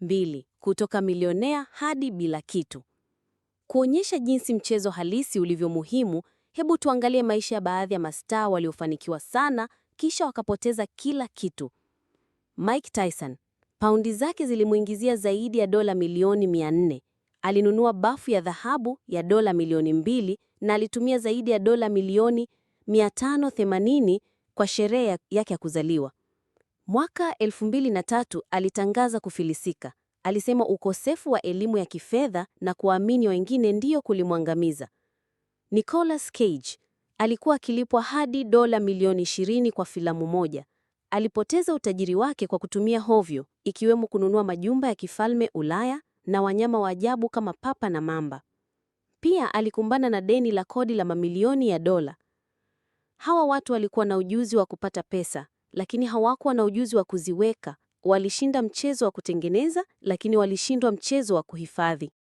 mbili, kutoka milionea hadi bila kitu. Kuonyesha jinsi mchezo halisi ulivyo muhimu, hebu tuangalie maisha ya baadhi ya mastaa waliofanikiwa sana kisha wakapoteza kila kitu. Mike Tyson, paundi zake zilimuingizia zaidi ya dola milioni 400. Alinunua bafu ya dhahabu ya dola milioni mbili na alitumia zaidi ya dola milioni 580 kwa sherehe yake ya kuzaliwa. Mwaka 2003 alitangaza kufilisika. Alisema ukosefu wa elimu ya kifedha na kuamini wengine ndiyo kulimwangamiza. Nicolas Cage alikuwa akilipwa hadi dola milioni 20 kwa filamu moja. Alipoteza utajiri wake kwa kutumia hovyo, ikiwemo kununua majumba ya kifalme Ulaya na wanyama wa ajabu kama papa na mamba. Pia alikumbana na deni la kodi la mamilioni ya dola. Hawa watu walikuwa na ujuzi wa kupata pesa, lakini hawakuwa na ujuzi wa kuziweka. Walishinda mchezo wa kutengeneza, lakini walishindwa mchezo wa kuhifadhi.